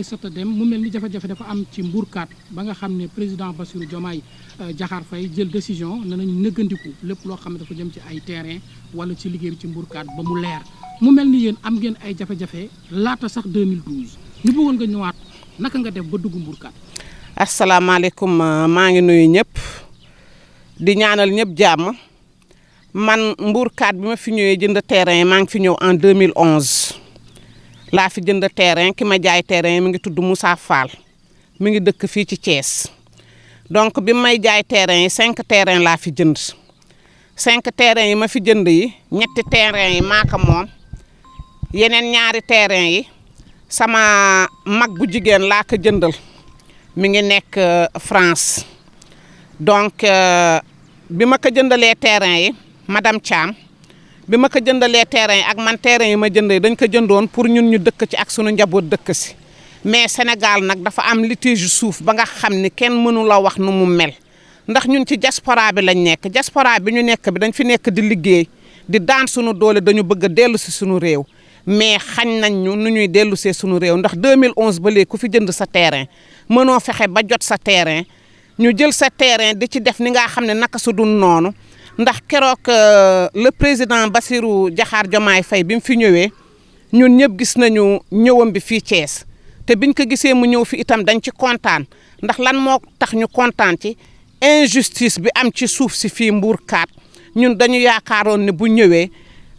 Aïssata Deme mu mel ni jafe-jafe dafa am ci mbuurkaat ba nga xam ne président Bassirou Diomaye euh, Diakhar fay jël décision ne nañu nëggandiku lépp loo xam ne dafa jëm ci ay terrain wala ci liggéey ci mbuurkaat ba mu leer mu mel ni yéen am ngeen ay jafe-jafe laata sax 2012 ñu bëggoon nga ñëwaat naka nga def ba dugg mbuurkaat. asalaamaaleykum euh, maa ngi nuyu ñëpp di ñaanal ñëpp jaama man mbuurkaat bi ma fi ñëwee jënd terrain maa ngi fi ñëw en 2011. laa fi jënd terrain ki ma jaay terrain mi ngi tudd Moussa Fall mi ngi dëkk fii ci Thiès donc bi may jaay terrain yi cinq terrain laa fi jënd cinq terrain yi ma fi jënd yi ñetti terrain yi maa moom yeneen ñaari terrain yi sama mag bu jigéen laa ko jëndal mi ngi nekk euh, France donc euh, bi ma ko jëndalee terrain yi madam Thiam bi ma ko jëndalee terrain ak man terrain yi ma jëndee dañ ko jëndoon pour ñun ñu dëkk ci ak sunu njaboot dëkk si mais Sénégal nag dafa am litige suuf ba nga xam ni kenn mënu wax nu mu mel ndax ñun ci diaspora bi lañ nekk diaspora bi ñu nekk bi dañ fi nekk di liggéey di daan sunu doole dañu bëgg a dellu si sunu réew mais xañ nañ ñu nu ñuy dellu see sunu réew ndax 2011 ba léegi ku fi jënd sa terrain mënoo fexe ba jot sa terrain ñu jël sa terrain di ci def ni nga xam ne naka su noonu ndax keroog euh, le président basiru jaxaar Diomaye Faye bi mu fi ñëwee ñun ñëpp gis nañu ñëwam bi fii Thiès te biñ ko gisee mu ñëw fi itam dañ ci kontaan ndax lan moo tax ñu kontaan ci injustice bi am ci suuf si fii Mbour 4 ñun dañu yaakaaroon ne bu ñëwee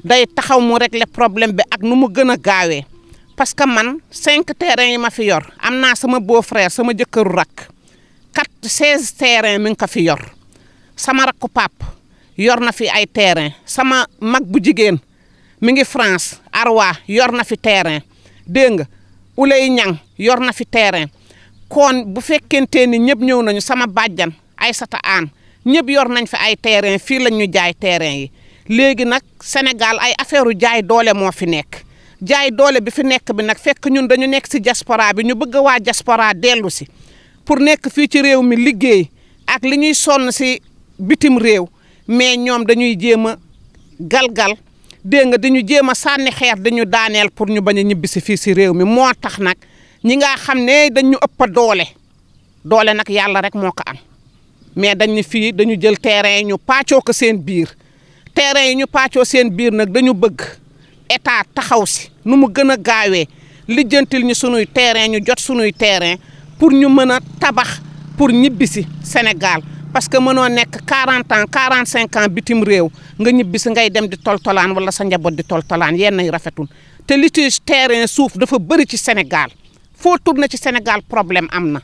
day taxaw mu régler problème bi ak nu mu gën a gaawee parce que man cinq terrain yi ma fi yor am naa sama beau frère sama jëkkëru rakk quatre seize terrain mi ngi ko fi yor sama rakku pap yor na fi ay terrain sama mag bu jigéen mi ngi France Arwa yor na fi terrain dégg nga Ulay Ñang yor na fi terrain kon bu fekkente ni ñëpp ñëw nañu sama bàjjan sata Aan ñëpp yor nañ fi ay terrain fii lañ ñu jaay terrain yi léegi nag Sénégal ay affaire jaay doole moo fi nekk jaay doole bi fi nekk bi nag fekk ñun dañu nekk si jaspora bi ñu bëgg waa jaspora dellu si pour nekk fii ci réew mi liggéey ak li ñuy sonn si bitim réew mais ñoom dañuy jéem a galgal dégg nga dañu jéem a sànni xeer dañu daaneel pour ñu bañ a ñibbi fii si réew mi moo tax nag ñi nga xam ne dañu ëpp doole doole nag yàlla rek moo ko am mais dañu fii dañu jël terrain ñu pàccoo ko seen biir terrain yi ñu pàccoo seen biir nag dañu bëgg état taxaw si nu mu gën a gaawee lijjantil ñu sunuy terrain ñu jot sunuy terrain pour ñu mën a tabax pour ñibbi si Sénégal parce que mënoo nekk 40 ans 45 ans bitim réew nga ñibbi si ngay dem di toltolaan wala sa njaboot di toltolaan yenn ay rafetul te litige terrain suuf dafa bëri ci Sénégal foo tourné ci Sénégal problème am na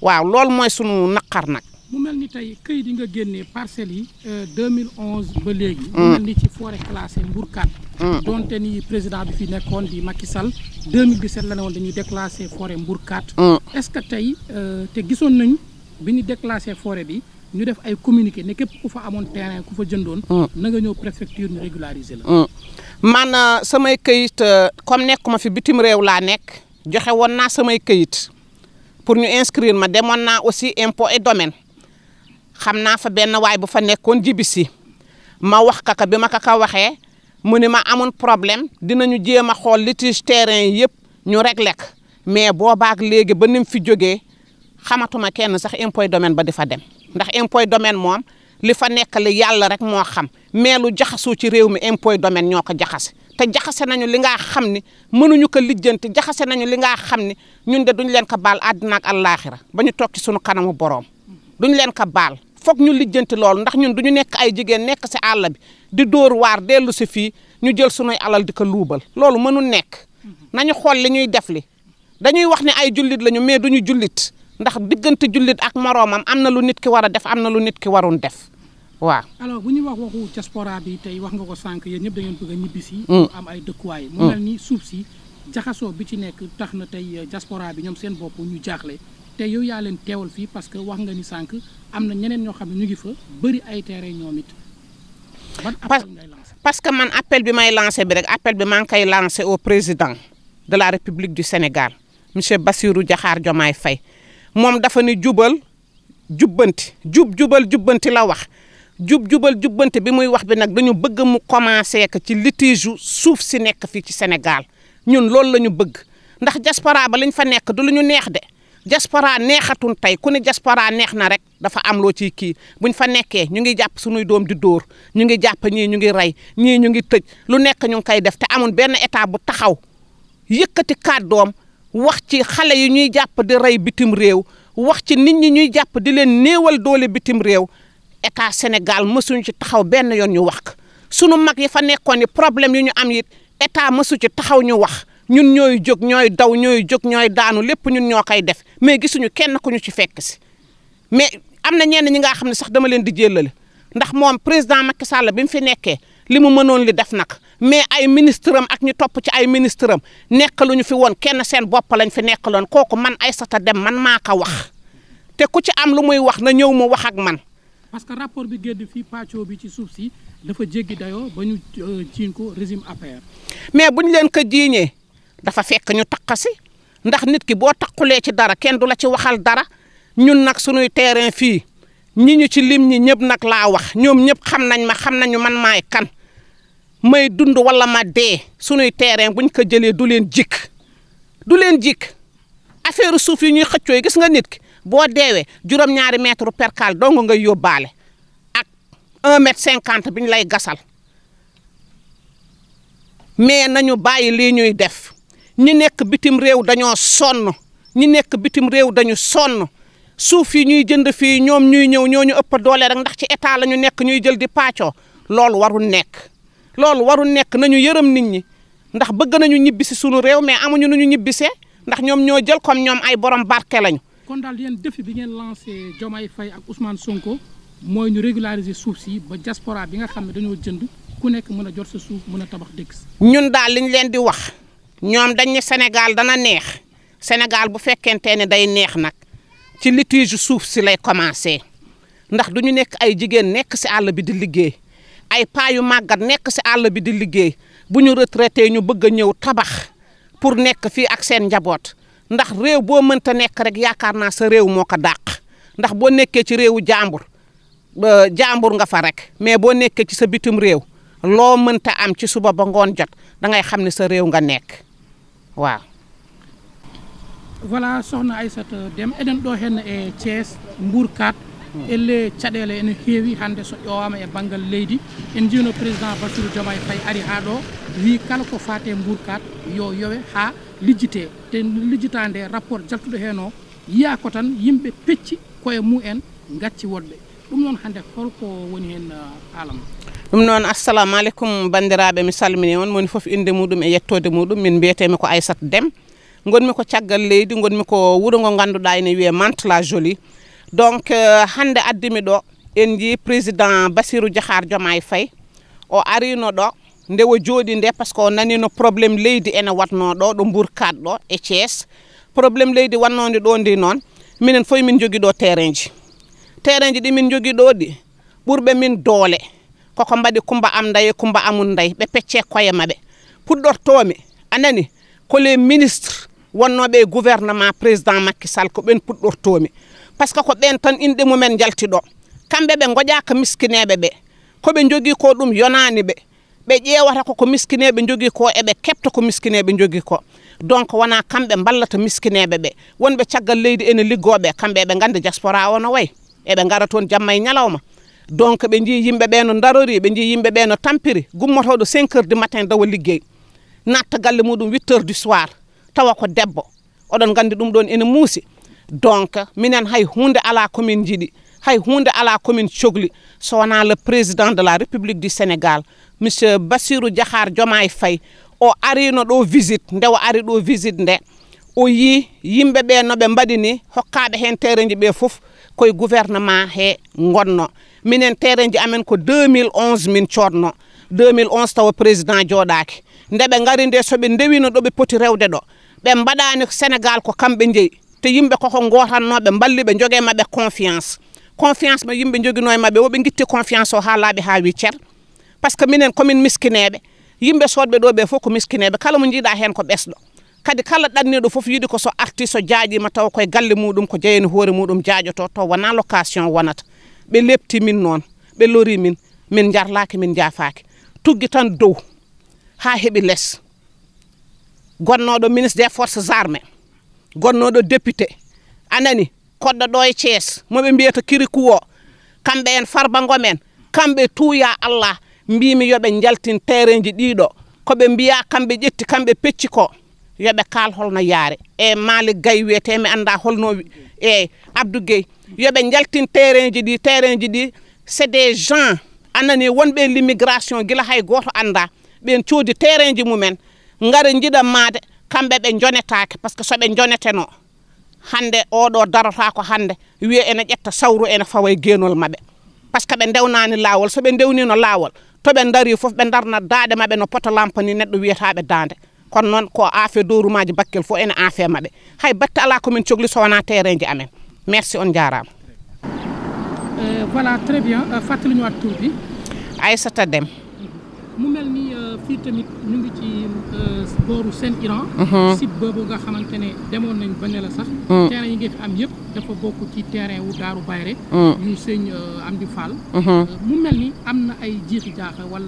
waaw loolu mooy sunu naqar nag. mu mel ni tey këyit yi nga génne parcelles yi 2011 euh, ba léegi. Mm. mu mel ni ci forêt classée Mbourkat. Mm. donte ni président bi fi nekkoon di Macky Sall 2017 la ne woon dañuy déclassé forêt Mbourkat. Mm. est-ce que tey euh, te gisoon nañu bi ñu déclassé forêt bi. ñu def ay communiqué ne képp ku fa amoon terrain ku fa jëndoon. Hmm. na nga ñëw préfecture ñu régulariser la. Hmm. man euh, samay këyit euh, comme nekkuma fi bitim réew laa nekk joxe woon naa samay kayit pour ñu inscrire ma demoon naa aussi impôt et domaine xam naa fa benn waay bu fa nekkoon jibi ma wax kaka bi ma kaka waxee mu ne ma amoon problème dinañu jéem a xool litige terrain yëpp ñu réglé ko mais boobaak léegi ba ni fi jógee xamatuma kenn sax impôt et domaine ba di fa dem. ndax impôt domaine moom li fa nekk li yàlla rek moo xam mais lu jaxasoo ci réew mi impôt domaine ñoo ko jaxase te jaxase nañu li nga xam ni mënuñu ko lijjanti jaxase nañu li nga xam ni ñun de duñ leen ko baal àddina ak àllaaxira ba ñu toog ci sunu kanamu boroom duñ leen ko baal foog ñu lijjanti loolu ndax ñun du ñu nekk ay jigéen nekk si àll bi di dóor waar dellu si fii ñu jël sunuy alal di ka luubal loolu mënul nekk nañu xool li ñuy def li dañuy wax ni ay jullit lañu mais ñu jullit ndax diggante jullit ak moroomam am na lu nit ki war a def am na lu nit ki warun def waaw. alors bu ñuy wax waxu diaspora bi tey wax nga ko sànq yéen ñëpp da ngeen bëgg a ñibbi si. Mm. am ay dëkkuwaay. mu mel mm. ni suuf si jaxasoo bi ci nekk tax na tey euh, diaspora bi ñoom seen bopp ñu jaaxle te yow yaa leen teewal fii parce que wax nga ni sànq am na ñeneen ñoo xam ne ñu ngi fa bëri ay terrain ñoom it. ban appel parce que man appel bi may lancé bi rek appel bi maa koy lancé au président de la république du Sénégal monsieur Bassirou Diakhar Diomaye Faye. moom dafa ni jubal jubanti jub jubal jubanti la wax jub jubal jubanti bi muy wax bi nag dañu bëgg mu commencé que ci litige suuf si nekk fii ci senegal ñun loolu la ñu bëgg ndax diaspora ba lañ fa nekk du lu ñu neex de diaspora neexatun tey ku ne diaspora neex na rek dafa am loo ci kii bu ñu fa nekkee ñu ngi jàpp suñuy doom di dóor ñu ngi jàpp ñii ñu ngi rey ñii ñu ngi tëj lu nekk ñu ngi koy def te amul benn état bu taxaw yëkkati kaat doom wax ci xale yi ñuy jàpp di rey bitim réew wax ci nit ñi ñuy jàpp di leen néewal doole bitim réew état Sénégal mësuñ ci taxaw benn yoon ñu wax sunu mag yi fa nekkoon ni problème yi ñu am it état mësu ci taxaw ñu wax ñun ñooy jóg ñooy daw ñooy jóg ñooy daanu lépp ñun ñoo koy def mais gisuñu kenn ku ñu ci fekk si mais am na ñenn ñi nga xam ne sax dama leen di jëlale ndax moom président Macky Sall bi mu fi nekkee li mu mënoon li def nag mais ay ministre am ak ñu topp ci ay ministre am nekkaluñu fi woon kenn seen bopp lañ fi nekkaloon kooku man ay Aïssata dem man maa ko wax te ku ci am lu muy wax na ñëw mu wax ak man. parce que rapport bi génn fii pàccoo bi ci suuf si dafa jéggi dayoo ñu euh, jiiñ ko régime mais bu ñu leen ko jiiñee dafa fekk ñu takk ndax nit ki boo takkulee ci dara kenn du la ci waxal dara ñun nag sunuy terrain fii ñi ci lim ñi ñëpp nag laa wax ñoom ñëpp xam nañ ma xam nañu man maay kan. may dund wala ma dee sunuy terrain buñ ko jëlee du leen jikk du leen jikk affaire suuf yi ñuy xëccooy gis nga nit ki boo deewee juróom-ñaari mètre percale dong ngay yóbbaale ak un cinquante bi ñu lay gasal mais nañu bàyyi lii ñuy def ñu nekk bitim réew dañoo sonn ñu nekk bitim réew dañu sonn suuf yi ñuy jënd fii ñoom ñuy ñëw ñoo ñu ëpp doole rek ndax ci état la ñu nekk ñuy jël di paacoo loolu warul nekk. loolu waru nekk nañu yërëm nit ñi ndax bëgg nañu ñibbisi sunu réew mais amuñu nu ñu ñibbisee ndax ñoom ñoo jël comme ñoom ay borom barke lañu. kon daal yéen défi bi ngeen lancé Diomaye Faye ak Ousmane Sonko mooy ñu régulariser suuf si ba diaspora bi nga xam ne dañoo jënd ku nekk mën a jot sa suuf mën a tabax dëkk ñun daal liñ leen di wax ñoom dañ ne Sénégal dana neex Sénégal bu fekkente ne day neex nag ci litige suuf si lay commencé ndax du ñu nekk ay jigéen nekk si àll bi di liggéey. ay paa yu màggat nekk si àll bi di liggéey bu ñu retraité ñu bëgg a ñëw tabax pour nekk fii ak seen njaboot ndax réew boo mënta nekk rek yaakaar naa sa réew moo ko dàq ndax boo nekkee ci réewu jàmbur jàmbur nga fa rek mais boo nekkee ci sa bitim réew loo mënta am ci suba ba ngoon jot da ngay xam ne sa réew nga nekk waaw. voilà soxna Aïssata Déme eden ɗo henna Hmm. elle caɗele ene heewi so ƴowama e banggal leydi en jiino président bassirou diomaye faye ari ha ɗo wi kala ko fate mburkat yo yowe ha lijjite te lijjita rapport jaltuɗo hen o yiya ko tan yimɓe pecci koye mumen gacci woɗɓe ɗum noon hannde holko woni hen haalama uh, ɗum noon assalamu aleykum bandiraɓe mi salmini on moni foof inde muɗum e yettode muɗum min mbiyetemi ko aissata déme gonmi ko caggal leydi gonmi ko wuuro ngo ganduɗa ene wiye mantela joli donc euh, hannde addimi ɗo en jii président bassirou diahar jomay faye o arino ɗo nde o nde par que o nanino probléme leydi ene watno ɗo ɗo mburkat ɗo e thiés probléme leydi wannode ɗo ndi noon minen foye min jogui ɗo terrain ji ɗi min jogui ɗo ɗi ɓurɓe min doole koko mbaɗi coumba am daye coumba amun daye ɓe pecce koye maɓe puɗɗortomi anani ko les ministre wonnoɓe e gouvernement président makkisal ko ɓen puɗɗortomi par que ko ɓen tan inɗe mumen jaltiɗo kamɓe ɓe goƴaka miskineɓe ɓe koɓe jogui ko ɗum yonani ɓe ɓe ƴewata koko miskineɓe jogui ko eɓe kepta ko miskineɓe jogui ko donc wona kamɓe ballata miskineɓe ɓe wonɓe caggal leydi ene liggoɓe kamɓe eɓe ganda o no wayi eɓe gara toon jamma e ñalawma donc ɓe jii yimɓe ɓe no darori ɓe jii yimɓe ɓe no tampiri gummotoɗo 5 heures du matin dawa liggey natta galle muɗum 8 heures du soir tawa ko debbo oɗon gandi ɗum ɗon ene donc minen hay hunde ala komin jiiɗi hay hunde ala komin cohli so wona le président de la république du sénégal monsieur bassirou diahar jomay fay o arino ɗo visite nde o ari ɗo visite nde o yi yimɓe ɓe no ɓe mbaɗi hokkaɓe hen terreji ɓe foof koye gouvernement he gonno minen terreji amen ko 2011 min codno 2011 tawa président jooɗaki nde ɓe gari nde soɓe ndewino ɗoɓe poti rewde ɗo ɓe mbaɗani sénégal ko kamɓe jeeyi te yimɓe koko gotannoɓe balliɓe jogue maɓe confiance confiance mo yimɓe joguino e maɓɓe woɓe guitti confiance o ha laaɓi ha wi ceer par ce que minen komin yimɓe sodɓe ɗo ɓe fof ko miskineɓe kala mo jiiɗa hen ko ɓesɗo kadi kala ɗanniɗo fof yiɗi ko so arti so jaaƴima taw koye galle muɗum ko jeyani hoore muɗum jaaƴoto taw wona location wonata ɓe lebti min noon ɓe lori min min jarlaki min jafaki tuggi tan dow ha heeɓi less gonnoɗo gonnoɗo député anani koɗɗo ɗo e thies moɓe mbiyata kirikou o kamɓe en farba gomen kamɓe tuuya allah mbimi yooɓe jaltin terrain ji ɗiɗo koɓe mbiya kamɓe ƴetti kamɓe pecci ko yooɓe kaal holno yaare e maali gay wiyete mi anda holno eyyi e abdou gueye yooɓe jaltin terrain ɗi terrain ɗi c' est anani wonɓe l'immigration guila hay goto anda ɓen coodi terrain ji mumen gara jiiɗa maade kamɓe ɓe jonetake par ce que soɓe joneteno hande oɗo darata ko hande wiya ene ƴetta sawru ene fawa e maɓɓe par ɓe ndewnani laawol soɓe ndewnino laawol toɓe daari fof ɓe darna daade maɓɓe no poto lampani neɗɗo wiyataɓe daande kono noon ko affaire dowrumaji bakkel fof ene affaire maɓɓe hay batte ala komin cohli so wona terrain ji amen booru seen mhm. xamante ne demoon nañ ba ne la mhm. wu Daaru Bayre. ñu mhm. sëñ euh, euh, am na ay jiixi jaaxa wala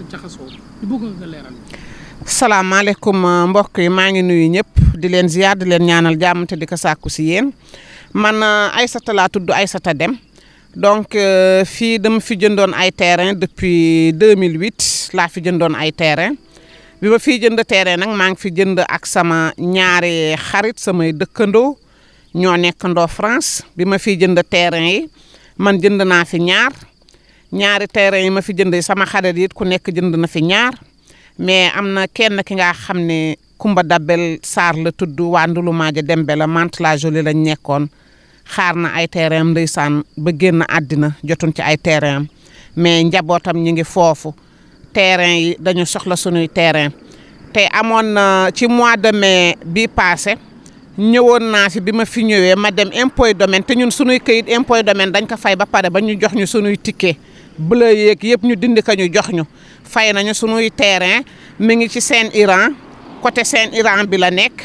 euh, mbokk yi maa ngi nuyu ñëpp di leen ziar di leen ñaanal jàmm di ko sàkku si yéen man Aysata laa tudd Aysata Dem donc fii dama fi jëndoon ay terrain depuis 2008 laa fi jëndoon ay terrain. bi ma fi jënd terrain nag maa ngi fi jënd ak sama ñaari xarit samay dëkkandoo ñoo nekkandoo France bi ma fii jënd terrain yi man jënd naa fi ñaar ñaari terrain yi ma fi jënd sama xarit yi ku nekk jënd na fi ñaar mais am na kenn ki nga xam ne Kumba Dabel Sarr la tudd waa Ndulumaaja Dembe la Mantes-la-Jolie lañ nekkoon xaar na ay terrain am ndeysaan ba génn àddina jotuñ ci ay terrain am mais njabootam ñi ngi foofu terrain yi dañu soxla sunuy terrain te amoon na ci mois de mais bi passé ñëwoon naa fi bi ma fi ñëwee ma dem impôt domaine te ñun sunuy kayit impôt domaine dañ ko fay ba pare ba ñu jox ñu sunuy ticket bleu yeeg yëpp ñu dindi ka ñu jox ñu fay nañu sunuy terrain mi ngi ci seen Iran côté seen Iran bi la nekk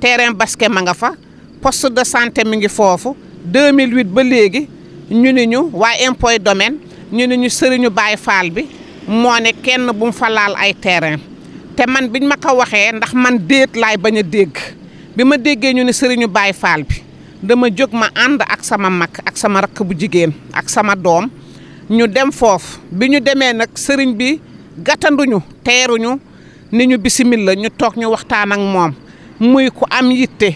terrain basket ma nga fa poste de santé mi ngi foofu 2008 ba léegi ñu ni ñu waa impôt domaine ñu ni ñu sëriñu Baay Faal bi moo ne kenn bu mu fa ay terrain te man biñ ma ko waxee ndax man déet laay bañ a dégg bi ma déggee ñu ne sëriñu Baay Faal bi dama jóg ma ànd ak sama mag ak sama rakk bu jigéen ak sama doom ñu dem foofu bi ñu demee nag sëriñ bi gàttanduñu teruñu ni ñu bisimilla ñu toog ñu waxtaan ak moom muy ku am yitte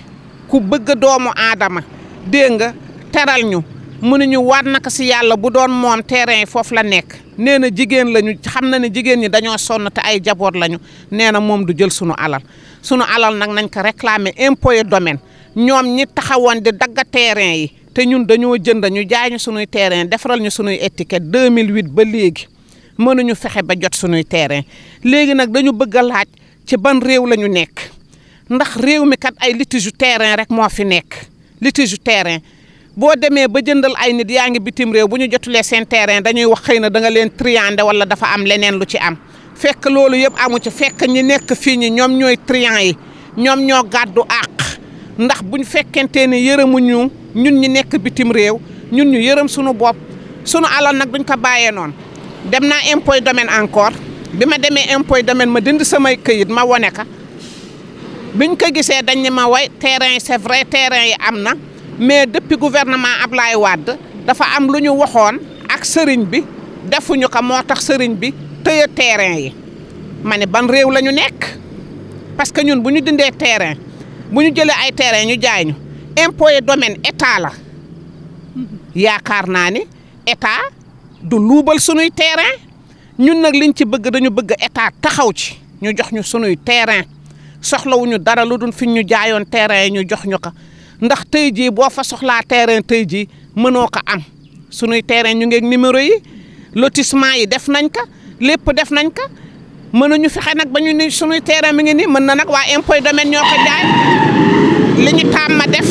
ku bëgg doomu aadama dégg nga teral ñu mënuñu waat naka si yàlla bu doon moom terrain yi foofu la nekk nee na jigéen lañu xam na ne jigéen ñi dañoo sonn te ay jaboot lañu nee na moom du jël sunu alal sunu alal nag nañ ko réclamer impôt domaine ñoom ñi taxawoon di dagga terrain yi te ñun dañoo jënd ñu jaay ñu sunuy terrain defaral ñu sunuy étiquette 2008 ba léegi mënuñu fexe ba jot sunuy terrain léegi nag dañu bëgg a laaj ci ban réew la ñu nekk ndax réew mi kat ay litige yu terrain rek moo fi nekk litige yu terrain. boo demee ba jëndal ay nit yaa ngi bitim réew bu ñu jotulee seen terrain dañuy wax xëy na da nga leen triandé wala dafa am leneen lu ci am fekk loolu yëpp amu ci fekk ñi nekk fii ñi ñoom ñooy trian yi ñoom ñoo gàddu àq ndax bu ñu fekkentee ne ñu ñun ñu nekk bitim réew ñun ñu yërëm suñu bopp sunu alal nag duñ ko bàyyee noonu dem naa impôt domaine encore bi ma demee impôt domaine ma dindi samay kayit ma wone ka biñ ko gisee dañ ne ma way terrain c'est vrai terrain yi am na mais depuis gouvernement Ablaye Wade dafa am lu ñu waxoon ak sëriñ bi defuñu ko moo tax sëriñ bi tëye terrain yi ma ne ban réew la ñu nekk parce que ñun bu ñu dindee terrain bu ñu jëlee ay terrain ñu jaay ñu impôt domaine état la yaakaar naa ni état du luubal sunuy terrain ñun nag liñ ci bëgg dañu bëgg état taxaw ci ñu jox ñu sunuy terrain soxlawuñu dara lu dul fi ñu jaayoon terrain yi ñu jox ñu ko. ndax tey jii boo fa soxlaa terrain tey jii mënoo ko am sunuy terrain ñu ngeeg numéro yi lotissement yi def nañ ko lépp def nañ ko mënuñu fexe nag ba ñu ni sunuy terrain mi ngi nii mën na nag waa impôt domaine ñoo ko jaay li ñu tàmm def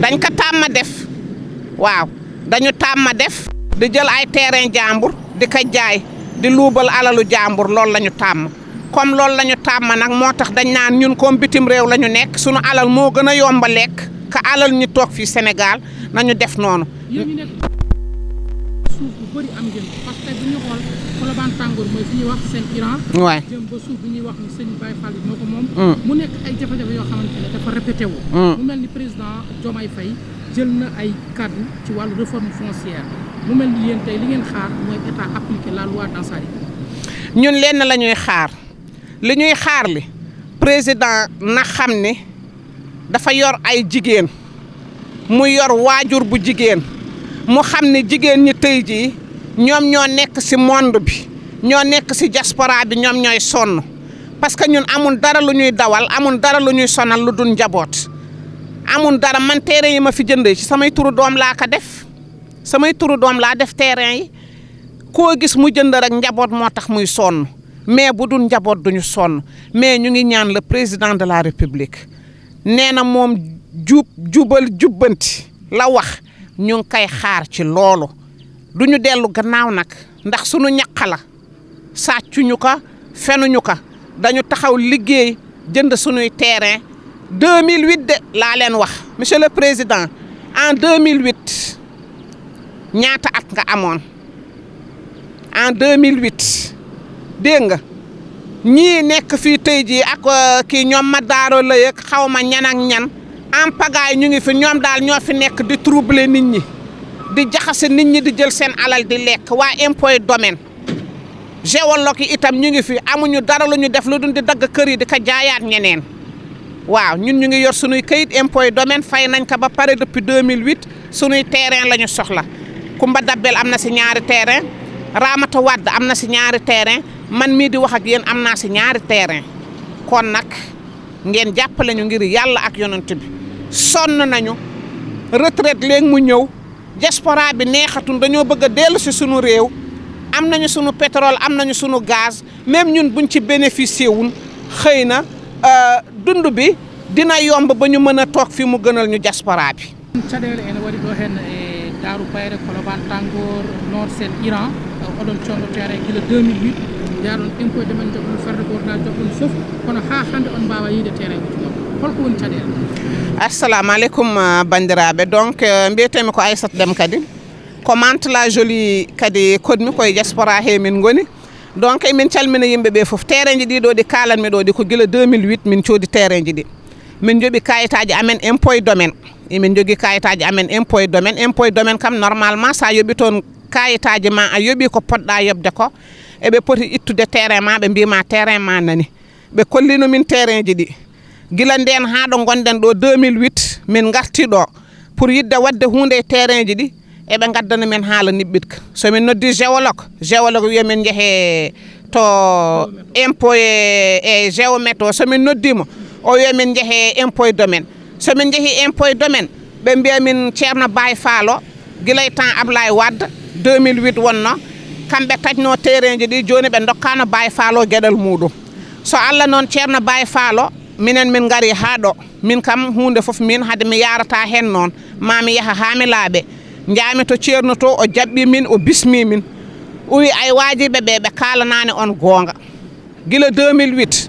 dañ ko tàmm def waaw dañu tàmm def di jël ay terrain jàmbur di ko jaay di luubal alalu jàmbur loolu la ñu tàmm comme loolu lañu ñu tàmm nag moo tax dañ naan ñun comme bitim réew la ñu nekk suñu alal moo gën a yomb lekk ka alal ñu toog fii senegal nañu def noonu. suuf bu bëri bu ñu xool Colobane mm. mu nekk ay jafe-jafe yoo xamante ne dafa répété wu. Mm. mu mel ni président Diomaye Faye jël na ay kàddu ci wàllu réforme foncière mu mel ni yéen tey li ngeen xaar mooy état appliquer la loi dans ñun lenn lañuy xaar. li ñuy xaar li président na xam ne dafa yor ay jigéen mu yor waajur bu jigéen mu xam ne jigéen ñi tey jii ñoom ñoo nekk si monde bi ñoo nekk si diaspora bi ñoom ñooy sonn parce que ñun amul dara lu ñuy dawal amul dara lu ñuy sonal lu dul njaboot amul dara man terrain yi ma fi jëndee ci samay turu doom laa ko def samay turu doom laa def terrain yi koo gis mu jënd rek njaboot moo tax muy sonn mais bu dul njaboot duñu sonn mais ñu ngi ñaan le président de la république nee na moom jub jubal jubbanti la wax ñu ngi koy xaar ci loolu du ñu dellu gannaaw nag ndax sunu ñaq la ka ko fenuñu ko dañu taxaw liggéey jënd sunuy terrain 2008 de laa leen wax monsieur le président en 2008 ñaata at nga amoon en 2008. dégg nga ñii nekk fii tey jii ak euh, kii ñoom ma daaro lay ak xaw ma ñan ak ñan en pagaille ñu ngi fi ñoom daal ñoo fi nekk di troubler nit ñi di jaxase nit ñi di jël seen alal di lekk waa impôt domaine géologue yi itam ñu ngi fi amuñu dara lu ñu def lu dul di dagg kër yi di ko jaayaat ñeneen waaw ñun ñu ngi yor sunuy kayit impôt domaine fay nañ ko ba pare depuis 2008 sunuy terrain la ñu soxla Kumba Dabbel am na si ñaari terrain Ramata Wadd am na si ñaari terrain man mii di wax ak yéen am naa si ñaari terrain kon nag ngeen jàppale ñu ngir yàlla ak yonent bi sonn nañu retraite léegi mu ñëw diaspora bi neexatul dañoo bëgg a dellu si sunu réew am nañu sunu pétrole am nañu sunu gaz même ñun buñ ci bénéficier wun xëy na euh, dund bi dina yomb ba ñu mën a toog fi mu gënal ñu diaspora bi caɗele yaɗon enkoyde men jogɗon assalamu aleykum bandiraɓe donc euh, mbiyetemi ko aissata dem kadi ko mantela joli kadi kodmi koye diaspora he min goni donc emin calmina yimɓeɓe foof terrain ji ɗiɗo ɗi kalanmi ɗo ɗi ko guila 2008 min coodi terrain ji min jooɓi kayitaji amen impôt domaine emin jogui kayitaji amen impôt domaine impôt domaine kam normalement sa yooɓi toon kayitaji ma a yooɓi ko poɗɗa yobde ko eɓe poti ittude terrain ma ɓe mbima terrain ma nani ɓe kollino min terrain ji ɗi gila nden ha ɗo gonɗen ɗo 2008 min garti ɗo pour yidde wadde hunde e terrain ji ɗi eɓe gaddana men haala niɓɓitka somin noddi géologue géologue wiyamin jeehe to impôt e e géométre o somin noddimo o wiyamin jeehe impôt e domaine somin jeehi impôt e domaine ɓe mbiyamin ceerno baye faalo guilay e temps ablaye wadda 2008 wonno kamɓe tañno terreji ɗi joni ɓe dokkano Baye Falo gueɗal muɗum so Allah noon ceerno Baye Falo minen min gari ha ɗo min kam hunde foof min haade mi yarata hen noon mami yaaha ha mi laaɓe jaami to ceerno o jaɓɓi min o bismi min o wi ay ɓe ɓe kalanani on gonga guila 2008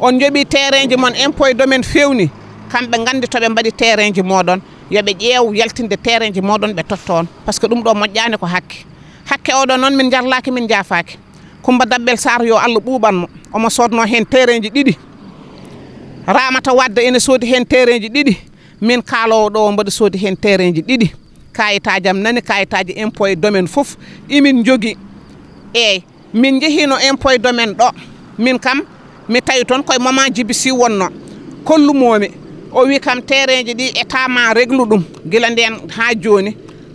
on jooɓi terrain ji moon impôt domaine fewni kamɓe gandi toɓe mbaɗi terrain ji moɗon yooɓe ƴeew yaltinde terrain ji ɓe totton par ce que ɗum ɗo hakke oɗon noon min jarlaki min jafaki coumba dabbel sar yo allah ɓuɓanmo omo sodno hen terrain ɗiɗi ramata wadde ene soodi hen terrain ɗiɗi min kaalowo ɗo mbaɗa soodi hen terrain ɗiɗi kayitaji am nani kayitaji impôt domaine foof imin jogui eyyi min jeehino impôt domaine ɗo min kam mi tawi toon koye moment djibi si wonno kollumomi o wi kam terrain ɗi état ma réglu ɗum guila nden ha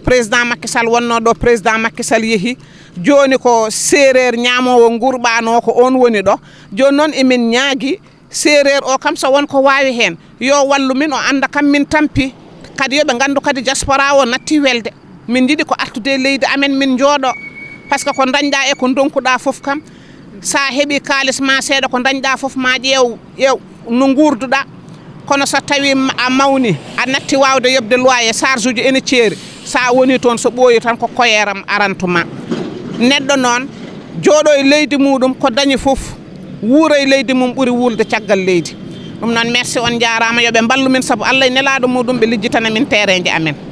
président Macky Sall wonno ɗo président Macky Sall yeehi joni ko séréer ñamowo gurɓano ko on woni ɗo joni noon emin ñaagui séréer o kam so wonko wawi hen yo wallu min o anda kam min tampi kadi yooɓe gandu kadi diaspora natti welde min jiiɗi ko artude leydi amen min jooɗo par que ko dañɗa e ko donkuɗa foof kam sa heeɓi kalis ma seeɗa ko dañɗa foof ma ƴeew ƴeew no guurduɗa kono so tawi a mawni a natti wawde yobde loyer charge uji ene sa woni toon so ɓooyi tan ko koyeeram arantuma neɗɗo noon jooɗo e leydi muɗum ko dañi fof wuuro e leydi mum ɓuri wuulde caggal leydi ɗum noon merci on jaarama yooɓe mballu min saabu allah e nelaɗo muɗum ɓe lijjitana min terrain ji amen